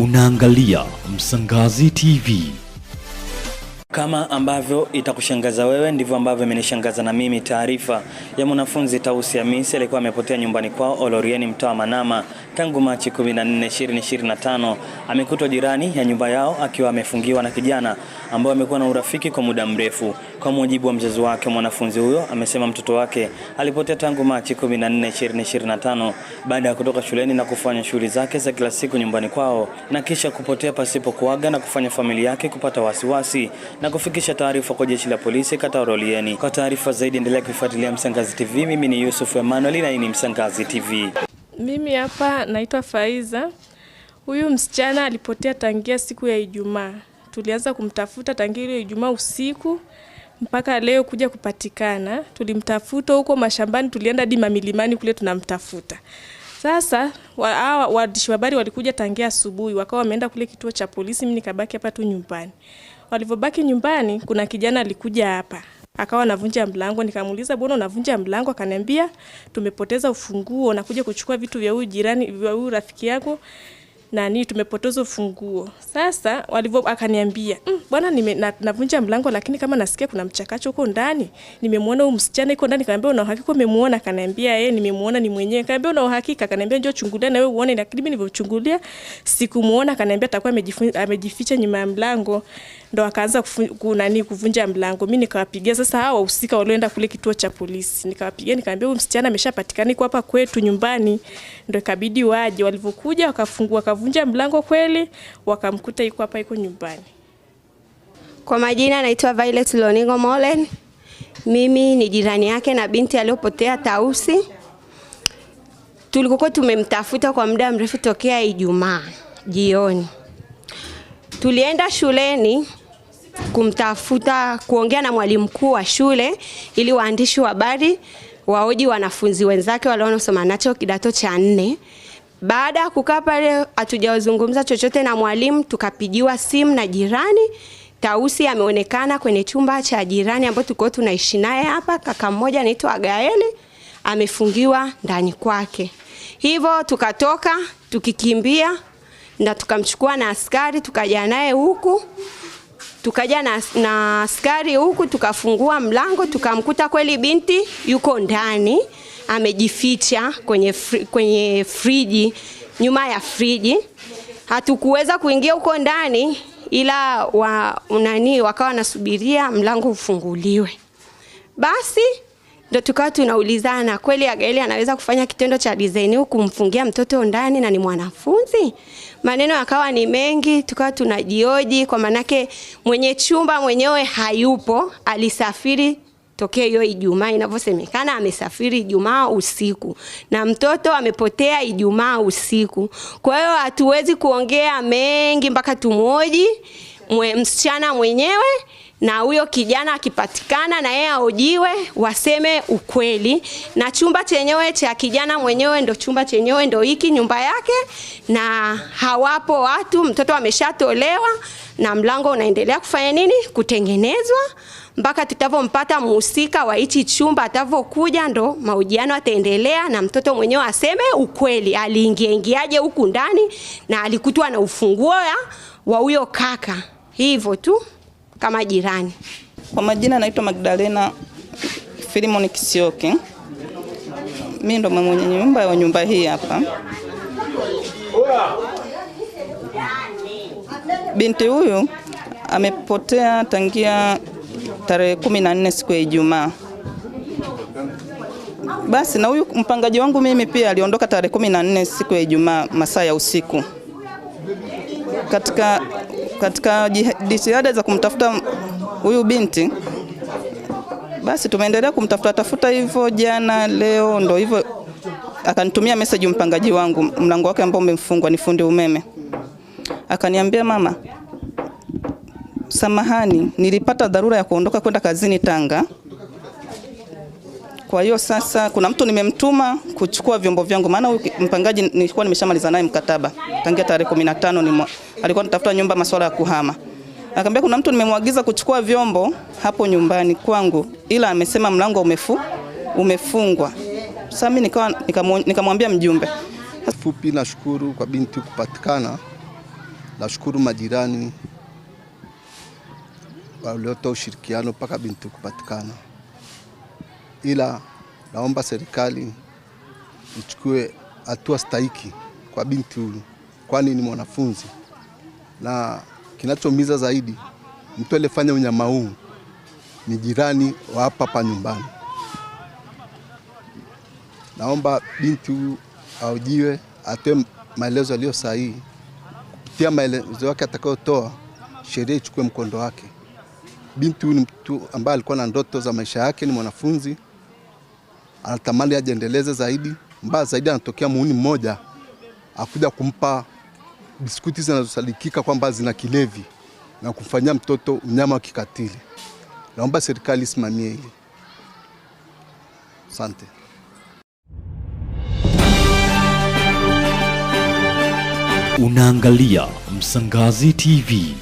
Unaangalia Msangazi TV. Kama ambavyo itakushangaza wewe ndivyo ambavyo imenishangaza na mimi. Taarifa ya mwanafunzi Tausi Hamisi alikuwa amepotea nyumbani kwao Olorieni, mtaa wa Manama tangu Machi 14, 2025. Amekutwa jirani ya nyumba yao akiwa amefungiwa na kijana ambaye amekuwa na urafiki kwa muda mrefu. Kwa mujibu wa mzazi wake, mwanafunzi huyo amesema mtoto wake alipotea tangu Machi 14, 2025 baada ya kutoka shuleni na kufanya shughuli zake za kila siku nyumbani kwao na kisha kupotea pasipo kuaga na kufanya familia yake kupata wasiwasi na kufikisha taarifa kwa jeshi la polisi kata Rolieni. Kwa taarifa zaidi, endelea kuifuatilia Msangazi TV. Mimi ni Yusuf Emmanuel na hii ni Msangazi TV. Mimi hapa naitwa Faiza. Huyu msichana alipotea tangia siku ya Ijumaa. Tulianza kumtafuta tangia ile Ijumaa usiku mpaka leo kuja kupatikana. Tulimtafuta huko mashambani, tulienda hadi mamilimani kule tunamtafuta. Sasa hawa waandishi wa habari walikuja tangia asubuhi, wakawa wameenda kule kituo cha polisi, mimi nikabaki hapa tu nyumbani. Walivyobaki nyumbani, kuna kijana alikuja hapa akawa anavunja mlango, nikamuuliza bwana, unavunja mlango? Akaniambia tumepoteza ufunguo, nakuja kuchukua vitu vya huyu jirani, vya huyu rafiki yako nani, tumepoteza funguo. Sasa walivyo akaniambia mm, bwana nime navunja na mlango, lakini kama nasikia kuna mchakacho huko ndani, nimemwona huyu msichana yuko ndani. Nikamwambia una uhakika umemwona Akaniambia yeye eh, nimemwona ni mwenyewe. kaambia una uhakika? Akaniambia njoo chungulia na wewe uone, lakini mimi nilivyochungulia sikumuona. Akaniambia atakuwa amejificha nyuma ya mlango ndo akaanza kunani kuvunja mlango. Mimi nikawapigia sasa hao wahusika walioenda kule kituo cha polisi, nikawapigia nikaambia, huyu msichana ameshapatikana kwa hapa kwetu nyumbani. Ndo ikabidi waje, walivyokuja wakafungua, wakavunja mlango kweli, wakamkuta yuko hapa, yuko nyumbani. Kwa majina naitwa Violet Loningo Molen. Mimi ni jirani yake na binti aliyopotea Tausi. Tulikuwa tumemtafuta kwa muda mrefu tokea Ijumaa jioni. Tulienda shuleni kumtafuta kuongea na mwalimu mkuu wa shule ili waandishi wa habari waoji wanafunzi wenzake wanaosoma nacho kidato cha nne. Baada ya kukaa pale, hatujazungumza chochote na mwalimu, tukapigiwa simu na jirani. Tausi ameonekana kwenye chumba cha jirani ambapo tulikuwa tunaishi naye hapa, kaka mmoja anaitwa Gaeli, amefungiwa ndani kwake. Hivyo tukatoka tukikimbia na tukamchukua na askari tukaja naye huku tukaja na, na askari huku tukafungua mlango tukamkuta kweli binti yuko ndani amejificha kwenye, fri, kwenye friji nyuma ya friji. Hatukuweza kuingia huko ndani, ila wa, unani wakawa wanasubiria mlango ufunguliwe basi ndo tukawa tunaulizana kweli Agaeli anaweza kufanya kitendo cha design huku kumfungia mtoto ndani na ni mwanafunzi? Maneno yakawa ni mengi, tukawa tunajioji kwa manake mwenye chumba mwenyewe hayupo, alisafiri tokea hiyo Ijumaa inavyosemekana, amesafiri Ijumaa usiku na mtoto amepotea Ijumaa usiku. Kwa hiyo hatuwezi kuongea mengi mpaka tumwoji mwe, msichana mwenyewe na huyo kijana akipatikana na yeye aojiwe, waseme ukweli. Na chumba chenyewe cha kijana mwenyewe ndo chumba chenyewe ndo hiki nyumba yake, na hawapo watu, mtoto ameshatolewa na mlango unaendelea kufanya nini, kutengenezwa mpaka tutavyompata mhusika wa hichi chumba. Atavyokuja ndo mahojiano ataendelea, na mtoto mwenyewe aseme ukweli, aliingia ingiaje huku ndani na alikutwa na ufunguo wa huyo kaka. Hivyo tu kama jirani. Kwa majina naitwa Magdalena Filimon Kisioke, mimi ndo mwenye nyumba ya nyumba hii hapa. Binti huyu amepotea tangia tarehe kumi na nne siku ya Ijumaa. Basi na huyu mpangaji wangu mimi pia aliondoka tarehe kumi na nne siku ya Ijumaa masaa ya usiku katika katika jitihada za kumtafuta huyu binti, basi tumeendelea kumtafuta tafuta hivyo, jana leo ndo hivyo akanitumia message mpangaji wangu, mlango wake ambao umefungwa ni fundi umeme, akaniambia mama, samahani, nilipata dharura ya kuondoka kwenda kazini Tanga, kwa hiyo sasa kuna mtu nimemtuma kuchukua vyombo vyangu, maana mpangaji nilikuwa nimeshamaliza naye mkataba tangia tarehe 15 ni alikuwa anatafuta nyumba, masuala ya kuhama. Akamwambia kuna mtu nimemwagiza kuchukua vyombo hapo nyumbani kwangu, ila amesema mlango umefu, umefungwa. Sasa mimi nikawa nikamwambia mjumbe. Fupi, nashukuru kwa binti kupatikana, nashukuru majirani waliotoa ushirikiano mpaka binti kupatikana, ila naomba serikali ichukue hatua stahiki kwa binti huyu, kwani ni mwanafunzi na kinachomiza zaidi, mtu aliyefanya unyama huu ni jirani wa hapa hapa nyumbani. Naomba binti huyu aujiwe, atoe maelezo yaliyo sahihi. Kupitia maelezo yake atakayotoa, sheria ichukue mkondo wake. Binti huyu ni mtu ambaye alikuwa na ndoto za maisha yake, ni mwanafunzi, anatamani ajiendeleze zaidi. Mbaya zaidi, anatokea muuni mmoja akuja kumpa biskuti zinazosadikika kwamba zina kilevi na kufanyia mtoto mnyama wa kikatili. Naomba serikali isimamie hili. Asante. Unaangalia Msangazi TV.